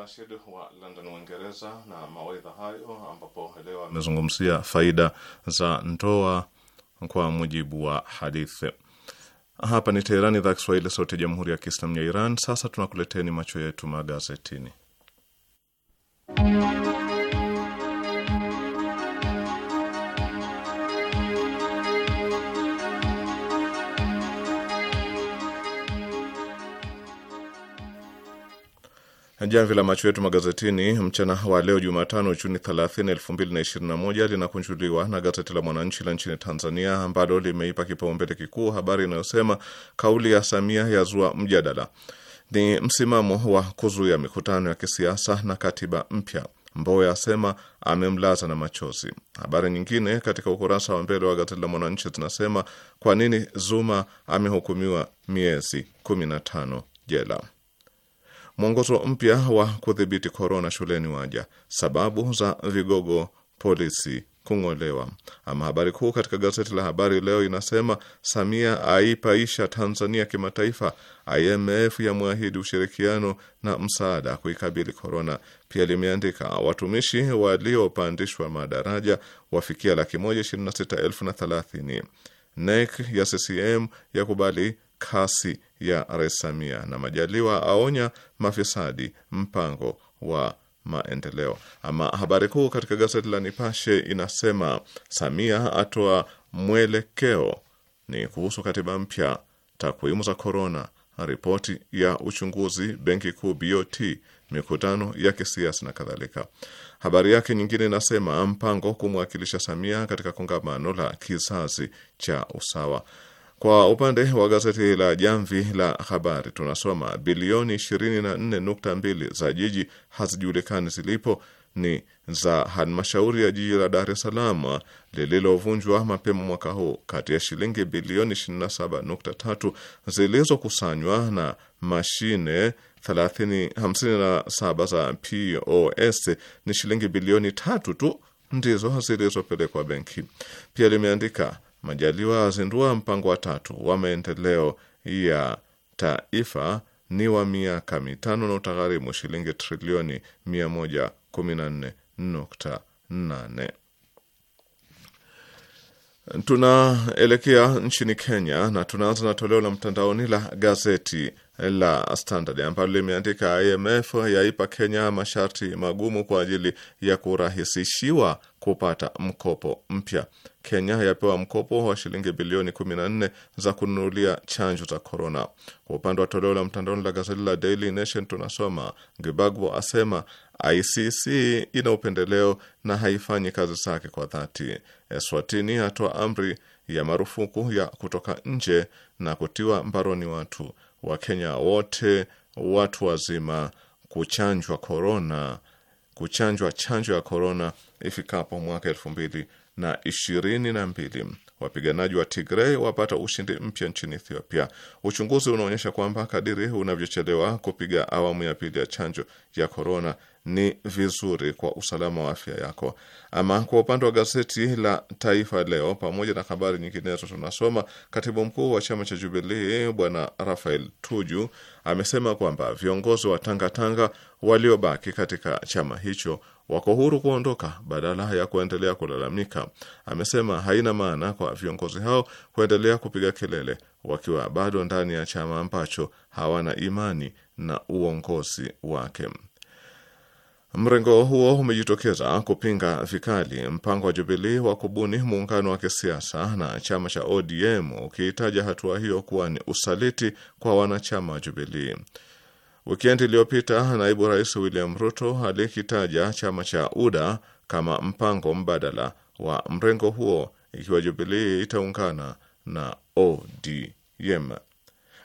S3: Rashid wa London, Uingereza, na mawaidha hayo, ambapo leo amezungumzia faida za ndoa kwa mujibu wa hadithi. Hapa ni Teherani, idhaa Kiswahili, sauti ya jamhuri ya kiislamu ya Iran. Sasa tunakuleteni macho yetu magazetini. Jamvi la macho yetu magazetini mchana wa leo Jumatano, Juni 30, 2021 linakunjuliwa na gazeti la Mwananchi la nchini Tanzania ambalo limeipa kipaumbele kikuu habari inayosema kauli ya Samia yazua mjadala, ni msimamo wa kuzuia mikutano ya kisiasa na katiba mpya, Mbowe asema amemlaza na machozi. Habari nyingine katika ukurasa wa mbele wa gazeti la Mwananchi zinasema kwa nini Zuma amehukumiwa miezi 15 jela. Mwongozo mpya wa kudhibiti korona shuleni waja, sababu za vigogo polisi kung'olewa. Ama habari kuu katika gazeti la Habari Leo inasema Samia aipaisha Tanzania kimataifa, IMF yamwahidi ushirikiano na msaada kuikabili korona. Pia limeandika watumishi waliopandishwa madaraja wafikia laki moja ishirini na sita elfu na thelathini. NEC ya CCM yakubali kasi ya Rais Samia, na Majaliwa aonya mafisadi mpango wa maendeleo. Ama habari kuu katika gazeti la Nipashe inasema Samia atoa mwelekeo, ni kuhusu katiba mpya, takwimu za korona, ripoti ya uchunguzi benki kuu BOT, mikutano ya kisiasa na kadhalika. Habari yake nyingine inasema mpango kumwakilisha Samia katika kongamano la kizazi cha usawa. Kwa upande wa gazeti la Jamvi la Habari tunasoma bilioni 24.2 za jiji hazijulikani zilipo, ni za halmashauri ya jiji la Dar es Salaam lililovunjwa mapema mwaka huu, kati ya shilingi bilioni 27.3 zilizokusanywa na mashine 57 za POS ni shilingi bilioni tatu tu ndizo zilizopelekwa benki. Pia limeandika Majaliwa wazindua mpango wa tatu wa maendeleo ya taifa ni wa miaka mitano na utagharimu shilingi trilioni 114.8. Tunaelekea nchini Kenya na tunaanza na toleo la mtandaoni la gazeti la Standard ambalo limeandika IMF yaipa Kenya masharti magumu kwa ajili ya kurahisishiwa kupata mkopo mpya. Kenya yapewa mkopo wa shilingi bilioni 14 za kununulia chanjo za korona. Kwa upande wa toleo la mtandaoni la gazeti la Daily Nation tunasoma Gbagbo asema ICC ina upendeleo na haifanyi kazi zake kwa dhati. Eswatini atoa amri ya marufuku ya kutoka nje na kutiwa mbaroni watu wakenya wote watu wazima kuchanjwa korona kuchanjwa chanjo ya korona ifikapo mwaka elfu mbili na ishirini na mbili. Wapiganaji wa Tigrei wapata ushindi mpya nchini Ethiopia. Uchunguzi unaonyesha kwamba kadiri unavyochelewa kupiga awamu ya pili ya chanjo ya korona ni vizuri kwa usalama wa afya yako. Ama kwa upande wa gazeti la Taifa Leo, pamoja na habari nyinginezo, tunasoma katibu mkuu wa chama cha Jubilii Bwana Rafael Tuju amesema kwamba viongozi wa tangatanga waliobaki katika chama hicho wako huru kuondoka badala ya kuendelea kulalamika. Amesema haina maana kwa viongozi hao kuendelea kupiga kelele wakiwa bado ndani ya chama ambacho hawana imani na uongozi wake. Mrengo huo umejitokeza kupinga vikali mpango wa Jubilii wa kubuni muungano wa kisiasa na chama cha ODM ukiitaja hatua hiyo kuwa ni usaliti kwa wanachama wa Jubilii. Wikendi iliyopita, naibu rais William Ruto alikitaja chama cha UDA kama mpango mbadala wa mrengo huo ikiwa Jubilii itaungana na ODM.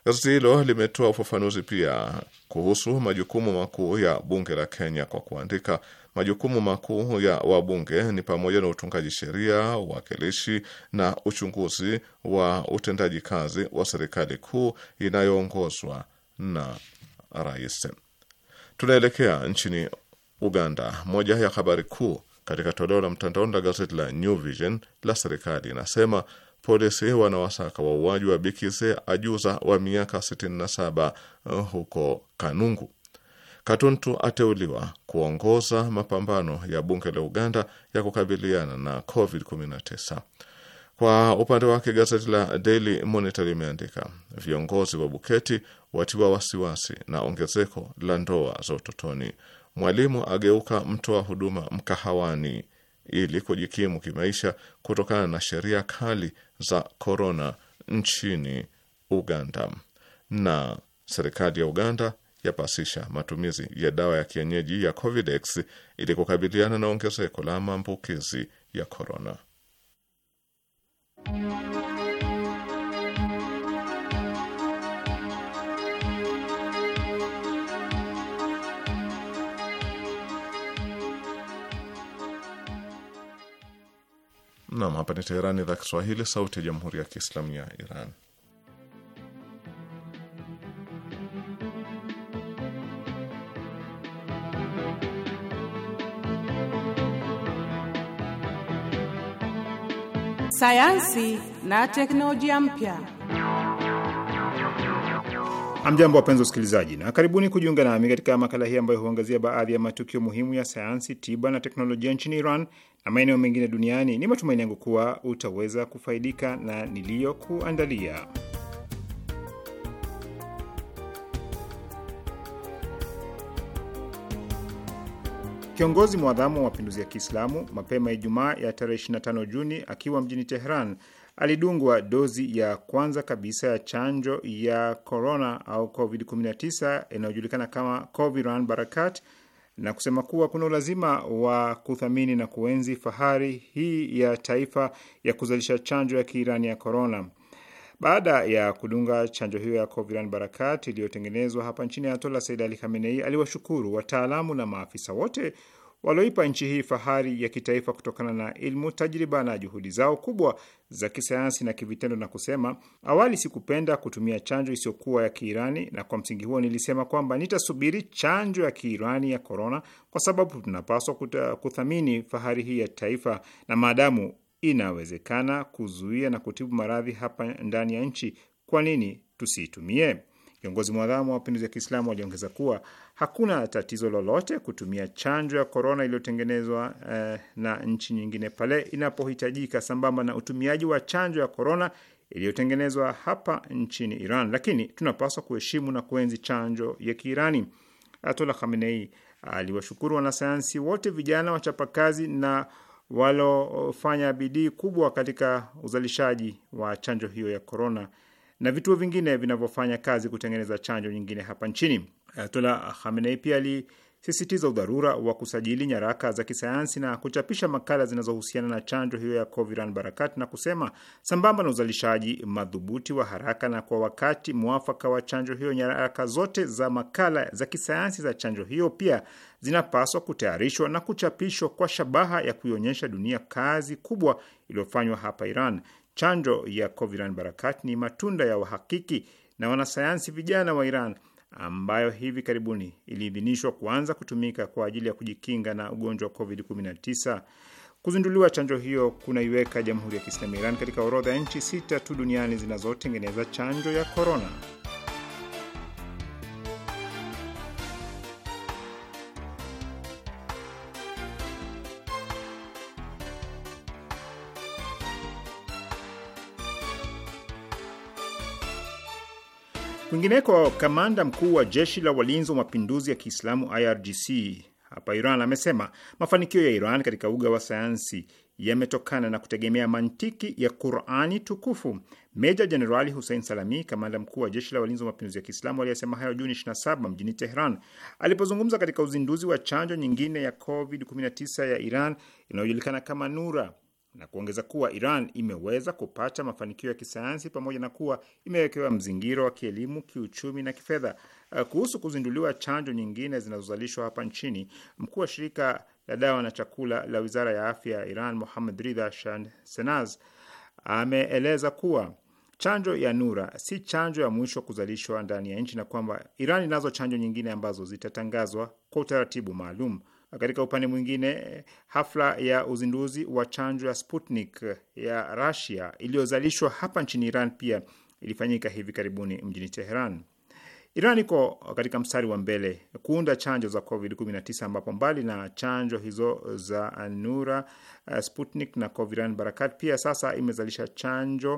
S3: Gazeti hilo limetoa ufafanuzi pia kuhusu majukumu makuu ya bunge la Kenya kwa kuandika: majukumu makuu ya wabunge ni pamoja na utungaji sheria, uwakilishi na uchunguzi wa utendaji kazi wa serikali kuu inayoongozwa na rais. Tunaelekea nchini Uganda. Moja ya habari kuu katika toleo la mtandaoni la gazeti la New Vision la serikali inasema polisi wanawasaka wauaji wa Bikize ajuza wa miaka 67 eh, huko Kanungu. Katuntu ateuliwa kuongoza mapambano ya bunge la Uganda ya kukabiliana na COVID-19. Kwa upande wake gazeti la Daily Monitor limeandika viongozi wa Buketi watiwa wasiwasi na ongezeko la ndoa za utotoni. Mwalimu ageuka mtoa huduma mkahawani ili kujikimu kimaisha kutokana na sheria kali za korona nchini Uganda. Na serikali ya Uganda yapasisha matumizi ya dawa ya kienyeji ya Covidex ili kukabiliana na ongezeko la maambukizi ya korona. Nam, hapa ni Teherani, idhaa Kiswahili, sauti ya jamhuri ya kiislamu ya Iran.
S4: Sayansi na teknolojia mpya.
S5: Amjambo, wapenzi usikilizaji, na karibuni kujiunga nami katika makala hii ambayo huangazia baadhi ya matukio muhimu ya sayansi, tiba na teknolojia nchini Iran na maeneo mengine duniani. Ni matumaini yangu kuwa utaweza kufaidika na niliyokuandalia. Kiongozi mwadhamu wa mapinduzi ya Kiislamu mapema Ijumaa ya tarehe 25 Juni akiwa mjini Teheran alidungwa dozi ya kwanza kabisa ya chanjo ya korona au COVID-19 inayojulikana kama Coviran Barakat na kusema kuwa kuna ulazima wa kuthamini na kuenzi fahari hii ya taifa ya kuzalisha chanjo ya Kiirani ya korona. Baada ya kudunga chanjo hiyo ya Coviran Barakat iliyotengenezwa hapa nchini, Ayatollah Said Ali Khamenei aliwashukuru wataalamu na maafisa wote walioipa nchi hii fahari ya kitaifa kutokana na ilmu, tajriba na juhudi zao kubwa za kisayansi na kivitendo, na kusema, awali sikupenda kutumia chanjo isiyokuwa ya Kiirani, na kwa msingi huo nilisema kwamba nitasubiri chanjo ya Kiirani ya korona, kwa sababu tunapaswa kuthamini fahari hii ya taifa, na maadamu inawezekana kuzuia na kutibu maradhi hapa ndani ya nchi, kwa nini tusiitumie? Viongozi mwadhamu wa mapinduzi ya Kiislamu waliongeza kuwa hakuna tatizo lolote kutumia chanjo ya korona iliyotengenezwa eh, na nchi nyingine pale inapohitajika, sambamba na utumiaji wa chanjo ya korona iliyotengenezwa hapa nchini Iran, lakini tunapaswa kuheshimu na kuenzi chanjo ya Kiirani. atola Khamenei aliwashukuru wanasayansi wote vijana wachapakazi na walofanya bidii kubwa katika uzalishaji wa chanjo hiyo ya korona na vituo vingine vinavyofanya kazi kutengeneza chanjo nyingine hapa nchini. Ayatola Khamenei pia alisisitiza udharura wa kusajili nyaraka za kisayansi na kuchapisha makala zinazohusiana na chanjo hiyo ya Coviran Barakat na kusema, sambamba na uzalishaji madhubuti wa haraka na kwa wakati mwafaka wa chanjo hiyo, nyaraka zote za makala za kisayansi za chanjo hiyo pia zinapaswa kutayarishwa na kuchapishwa kwa shabaha ya kuionyesha dunia kazi kubwa iliyofanywa hapa Iran. Chanjo ya Coviran Barakat ni matunda ya uhakiki na wanasayansi vijana wa Iran ambayo hivi karibuni iliidhinishwa kuanza kutumika kwa ajili ya kujikinga na ugonjwa wa COVID-19. Kuzinduliwa chanjo hiyo kunaiweka Jamhuri ya Kiislamu ya Iran katika orodha ya nchi sita tu duniani zinazotengeneza chanjo ya korona. Kwingineko, kamanda mkuu wa jeshi la walinzi wa mapinduzi ya Kiislamu IRGC hapa Iran amesema mafanikio ya Iran katika uga wa sayansi yametokana na kutegemea mantiki ya Qurani tukufu. Meja Jenerali Hussein Salami, kamanda mkuu wa jeshi la walinzi wa mapinduzi ya Kiislamu, aliyesema hayo Juni 27 mjini Tehran alipozungumza katika uzinduzi wa chanjo nyingine ya COVID-19 ya Iran inayojulikana kama Nura na kuongeza kuwa Iran imeweza kupata mafanikio ya kisayansi pamoja na kuwa imewekewa mzingiro wa kielimu, kiuchumi na kifedha. Uh, kuhusu kuzinduliwa chanjo nyingine zinazozalishwa hapa nchini, mkuu wa shirika la dawa na chakula la wizara ya afya ya Iran, Muhammad Ridha Shahsenaz, ameeleza kuwa chanjo ya Nura si chanjo ya mwisho kuzalishwa ndani ya nchi na kwamba Iran inazo chanjo nyingine ambazo zitatangazwa kwa utaratibu maalum. Katika upande mwingine, hafla ya uzinduzi wa chanjo ya Sputnik ya Russia iliyozalishwa hapa nchini Iran pia ilifanyika hivi karibuni mjini Teheran. Iran iko katika mstari wa mbele kuunda chanjo za COVID-19 ambapo mbali na chanjo hizo za Anura, eh, Sputnik na Coviran Barakat, pia sasa imezalisha chanjo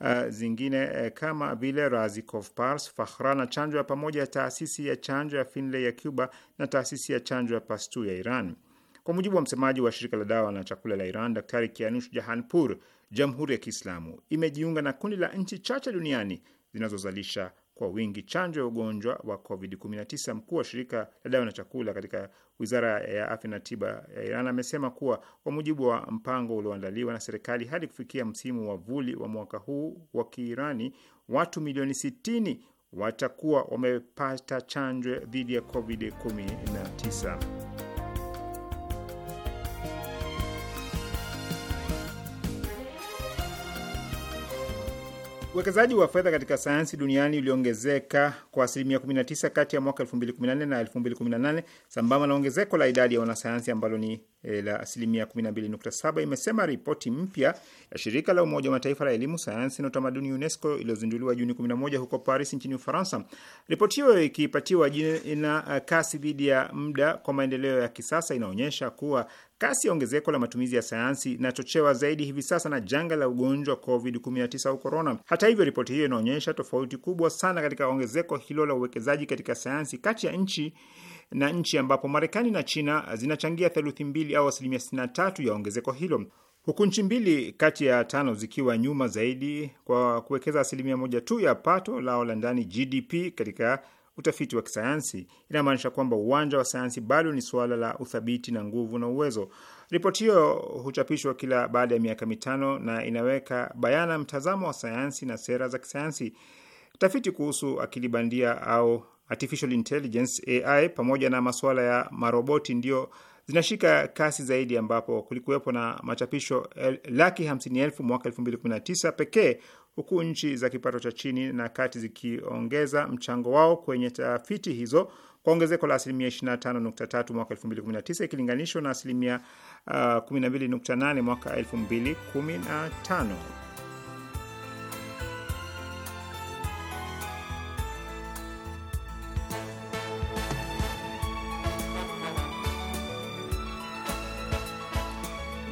S5: uh, zingine uh, kama vile Razikov, Pars, Fakhra na chanjo ya pamoja ya taasisi ya chanjo ya Finlay ya Cuba na taasisi ya chanjo ya Pasteur ya Iran. Kwa mujibu wa msemaji wa shirika la dawa na chakula la Iran, Daktari Kianush Jahanpur, Jamhuri ya Kiislamu imejiunga na kundi la nchi chache duniani zinazozalisha kwa wingi chanjo ya ugonjwa wa COVID-19. Mkuu wa shirika la dawa na chakula katika wizara ya afya na tiba ya Iran amesema kuwa kwa mujibu wa mpango ulioandaliwa na serikali, hadi kufikia msimu wa vuli wa mwaka huu wa Kiirani, watu milioni 60 watakuwa wamepata chanjo dhidi ya COVID-19. Uwekezaji wa fedha katika sayansi duniani uliongezeka kwa asilimia 19 kati ya mwaka 2014 na 2018 sambamba na ongezeko la idadi ya wanasayansi ambalo ni e, la asilimia 12.7, imesema ripoti mpya ya shirika la Umoja wa Mataifa la elimu, sayansi na utamaduni UNESCO iliyozinduliwa Juni 11 huko Paris nchini Ufaransa. Ripoti hiyo ikipatiwa jina eh, eh, kasi dhidi ya muda kwa maendeleo ya kisasa inaonyesha kuwa Kasi ya ongezeko la matumizi ya sayansi inachochewa zaidi hivi sasa na janga la ugonjwa COVID-19 au korona. Hata hivyo, ripoti hiyo inaonyesha tofauti kubwa sana katika ongezeko hilo la uwekezaji katika sayansi kati ya nchi na nchi, ambapo Marekani na China zinachangia theluthi mbili au asilimia 63 ya ongezeko hilo huku nchi mbili kati ya tano zikiwa nyuma zaidi kwa kuwekeza asilimia moja tu ya pato lao la ndani GDP katika utafiti wa kisayansi. Inamaanisha kwamba uwanja wa sayansi bado ni suala la uthabiti na nguvu na uwezo. Ripoti hiyo huchapishwa kila baada ya miaka mitano na inaweka bayana mtazamo wa sayansi na sera za kisayansi. Tafiti kuhusu akili bandia au artificial intelligence AI pamoja na masuala ya maroboti ndio zinashika kasi zaidi ambapo kulikuwepo na machapisho laki hamsini elfu mwaka elfu mbili kumi na tisa pekee huku nchi za kipato cha chini na kati zikiongeza mchango wao kwenye tafiti hizo kwa ongezeko la asilimia 25.3 mwaka 2019 ikilinganishwa na asilimia uh, 12.8 mwaka 2015.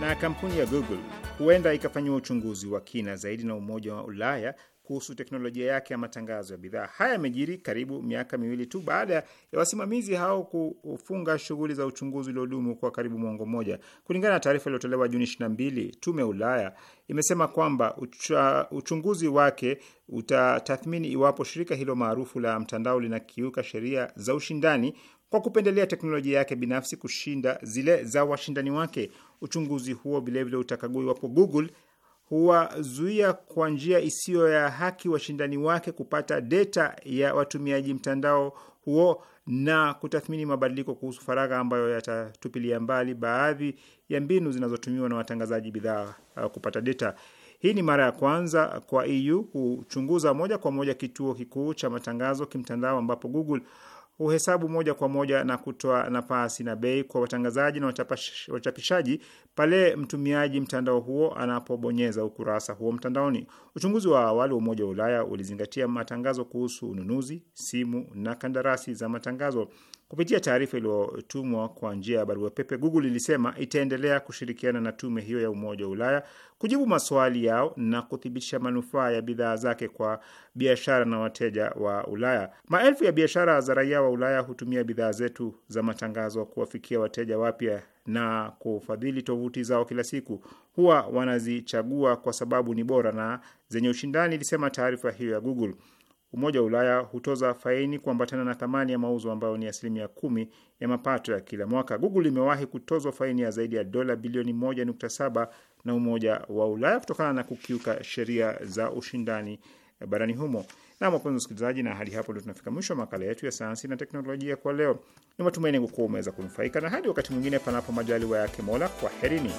S5: na kampuni ya Google huenda ikafanyiwa uchunguzi wa kina zaidi na Umoja wa Ulaya kuhusu teknolojia yake ya matangazo ya bidhaa. Haya yamejiri karibu miaka miwili tu baada ya wasimamizi hao kufunga shughuli za uchunguzi uliodumu kwa karibu mwongo mmoja. Kulingana na taarifa iliyotolewa Juni 22, tume ya Ulaya imesema kwamba ucha, uchunguzi wake utatathmini iwapo shirika hilo maarufu la mtandao linakiuka sheria za ushindani kwa kupendelea teknolojia yake binafsi kushinda zile za washindani wake. Uchunguzi huo vilevile utakagui wapo Google huwazuia kwa njia isiyo ya haki washindani wake kupata data ya watumiaji mtandao huo na kutathmini mabadiliko kuhusu faragha ambayo yatatupilia mbali baadhi ya mbinu zinazotumiwa na watangazaji bidhaa uh, kupata data. Hii ni mara ya kwanza kwa EU kuchunguza moja kwa moja kituo kikuu cha matangazo kimtandao ambapo Google huhesabu moja kwa moja na kutoa nafasi na bei kwa watangazaji na wachapishaji pale mtumiaji mtandao huo anapobonyeza ukurasa huo mtandaoni. Uchunguzi wa awali wa Umoja wa Ulaya ulizingatia matangazo kuhusu ununuzi, simu na kandarasi za matangazo. Kupitia taarifa iliyotumwa kwa njia ya barua pepe, Google ilisema itaendelea kushirikiana na tume hiyo ya Umoja wa Ulaya kujibu maswali yao na kuthibitisha manufaa ya bidhaa zake kwa biashara na wateja wa Ulaya. Maelfu ya biashara za raia wa Ulaya hutumia bidhaa zetu za matangazo kuwafikia wateja wapya na kufadhili tovuti zao kila siku. Huwa wanazichagua kwa sababu ni bora na zenye ushindani, ilisema taarifa hiyo ya Google. Umoja wa Ulaya hutoza faini kuambatana na thamani ya mauzo ambayo ni asilimia kumi ya mapato ya kila mwaka. Google imewahi kutozwa faini ya zaidi ya dola bilioni moja nukta saba na Umoja wa Ulaya kutokana na kukiuka sheria za ushindani barani humo. Na wapenzi wasikilizaji, na hadi hapo ndio tunafika mwisho wa makala yetu ya sayansi na teknolojia kwa leo. Ni matumaini kuwa umeweza kunufaika, na hadi wakati mwingine, panapo majaliwa yake Mola, kwaherini.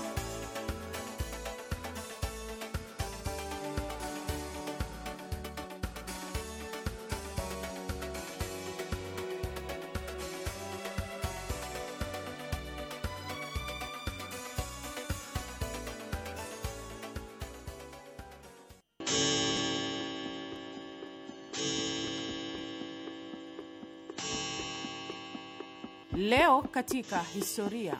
S4: katika historia.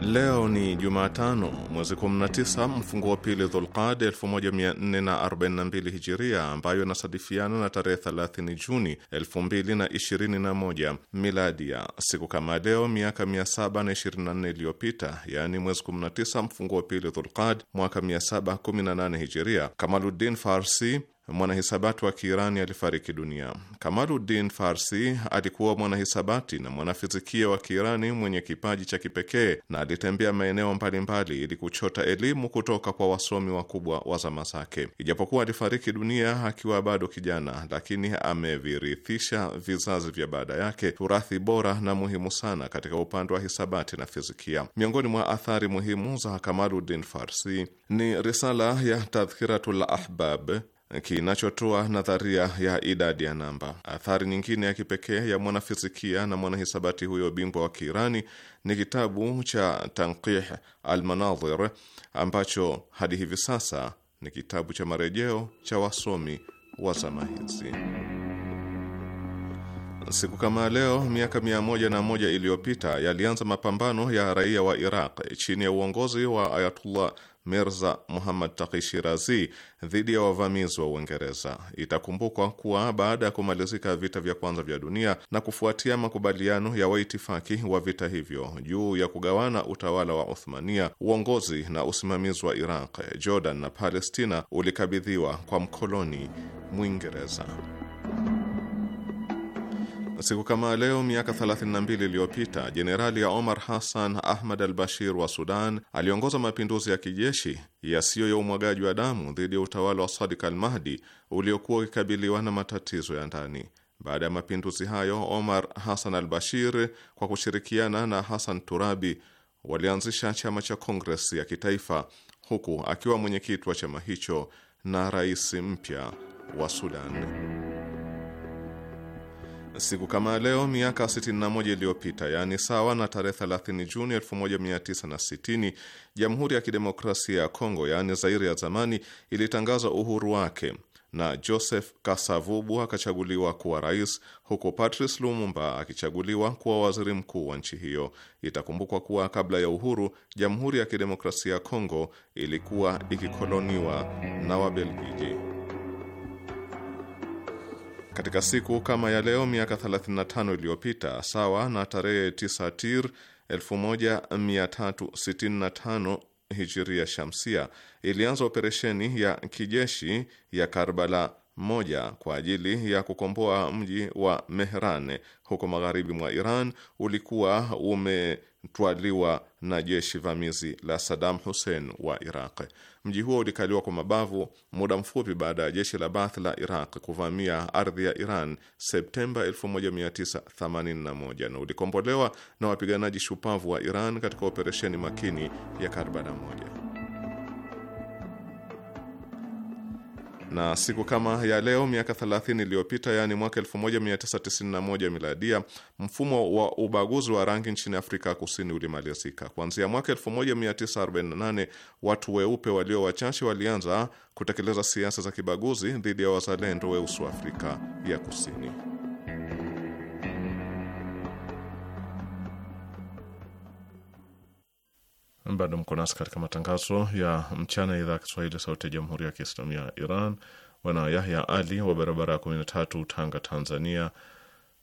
S3: Leo ni Jumatano, mwezi 19 mfungo wa pili Dhulqad 1442 Hijiria, ambayo inasadifiana na tarehe 30 Juni 2021 Miladia. Siku kama leo miaka 724 iliyopita, yaani mwezi 19 mfungo wa pili Dhulqad mwaka 718 Hijiria, Kamaluddin Farsi mwanahisabati wa Kiirani alifariki dunia. Kamaluddin Farsi alikuwa mwanahisabati na mwanafizikia wa Kiirani mwenye kipaji cha kipekee na alitembea maeneo mbalimbali ili kuchota elimu kutoka kwa wasomi wakubwa wa zama zake. Ijapokuwa alifariki dunia akiwa bado kijana, lakini amevirithisha vizazi vya baada yake turathi bora na muhimu sana katika upande wa hisabati na fizikia. Miongoni mwa athari muhimu za Kamaluddin Farsi ni risala ya Tadhkiratul Ahbab kinachotoa nadharia ya idadi ya namba. Athari nyingine ya kipekee ya mwanafizikia na mwanahisabati huyo bingwa wa Kiirani ni kitabu cha Tanqih Almanadhir ambacho hadi hivi sasa ni kitabu cha marejeo cha wasomi wa zama hizi. Siku kama leo miaka mia moja na moja iliyopita yalianza mapambano ya raia wa Iraq chini ya uongozi wa Ayatullah Mirza Muhammad Taki Shirazi dhidi ya wavamizi wa Uingereza. Itakumbukwa kuwa baada ya kumalizika vita vya kwanza vya dunia na kufuatia makubaliano ya waitifaki wa vita hivyo juu ya kugawana utawala wa Uthmania, uongozi na usimamizi wa Iraq, Jordan na Palestina ulikabidhiwa kwa mkoloni Mwingereza siku kama leo miaka 32 iliyopita jenerali ya Omar Hassan Ahmad al Bashir wa Sudan aliongoza mapinduzi ya kijeshi yasiyo ya umwagaji wa damu dhidi ya utawala wa Sadik al Mahdi uliokuwa ukikabiliwa na matatizo ya ndani. Baada ya mapinduzi hayo, Omar Hassan al Bashir kwa kushirikiana na Hassan Turabi walianzisha chama cha Kongres ya Kitaifa, huku akiwa mwenyekiti wa chama hicho na rais mpya wa Sudan siku kama leo miaka 61 iliyopita, yaani sawa na tarehe 30 Juni 1960, Jamhuri ya Kidemokrasia ya Kongo, yaani Zaire ya zamani, ilitangaza uhuru wake na Joseph Kasavubu akachaguliwa kuwa rais, huku Patrice Lumumba akichaguliwa kuwa waziri mkuu wa nchi hiyo. Itakumbukwa kuwa kabla ya uhuru, Jamhuri ya Kidemokrasia ya Kongo ilikuwa ikikoloniwa na Wabelgiji. Katika siku kama ya leo miaka 35 iliyopita, sawa na tarehe 9 Tir 1365 hijiria shamsia, ilianza operesheni ya kijeshi ya Karbala moja kwa ajili ya kukomboa mji wa Mehran huko magharibi mwa Iran ulikuwa ume kutwaliwa na jeshi vamizi la Saddam Hussein wa Iraq. Mji huo ulikaliwa kwa mabavu muda mfupi baada ya jeshi la Baath la Iraq kuvamia ardhi ya Iran Septemba 1981 na ulikombolewa na wapiganaji shupavu wa Iran katika operesheni makini ya Karbala moja. na siku kama ya leo miaka 30 iliyopita, yaani mwaka 1991 miladia, mfumo wa ubaguzi wa rangi nchini Afrika Kusini ulimalizika. Kuanzia mwaka 1948 watu weupe walio wachache walianza kutekeleza siasa za kibaguzi dhidi ya wazalendo weusi wa Afrika ya Kusini. Bado mko nasi katika matangazo ya mchana idhaa ya Kiswahili, sauti ya jamhuri ya kiislamu ya Iran. Bwana Yahya Ali wa barabara ya kumi na tatu, Tanga, Tanzania,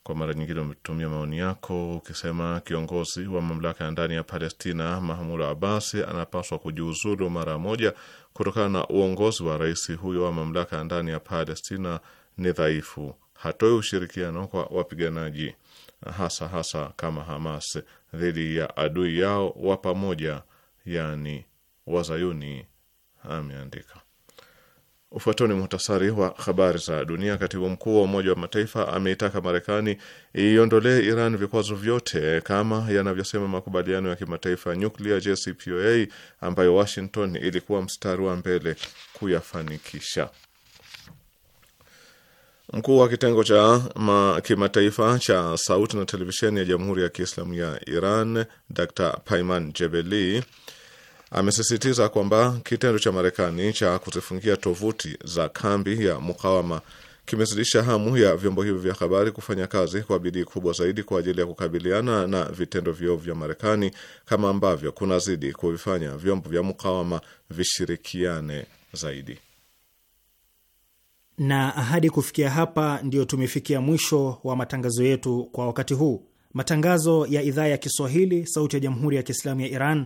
S3: kwa mara nyingine umetumia maoni yako ukisema kiongozi wa mamlaka ya ndani ya Palestina Mahmud Abbas anapaswa kujiuzulu mara moja kutokana na uongozi wa rais huyo wa mamlaka ya ndani ya Palestina ni dhaifu, hatoi ushirikiano kwa wapiganaji hasa hasa kama Hamas dhidi ya adui yao wa pamoja yani wazayuni, ameandika. Ufuatao ni muhtasari wa habari za dunia. Katibu mkuu wa Umoja wa Mataifa ameitaka Marekani iondolee Iran vikwazo vyote kama yanavyosema makubaliano ya kimataifa ya nyuklia JCPOA ambayo Washington ilikuwa mstari wa mbele kuyafanikisha. Mkuu wa kitengo cha kimataifa cha sauti na televisheni ya Jamhuri ya Kiislamu ya Iran Dr Paiman Jebeli amesisitiza kwamba kitendo cha Marekani cha kuzifungia tovuti za kambi ya mukawama kimezidisha hamu ya vyombo hivyo vya habari kufanya kazi kwa bidii kubwa zaidi kwa ajili ya kukabiliana na vitendo viovu vya Marekani kama ambavyo kunazidi kuvifanya vyombo vya mukawama vishirikiane zaidi.
S1: Na ahadi kufikia hapa, ndiyo tumefikia mwisho wa matangazo yetu kwa wakati huu. Matangazo ya idhaa ya Kiswahili, Sauti ya Jamhuri ya Kiislamu ya Iran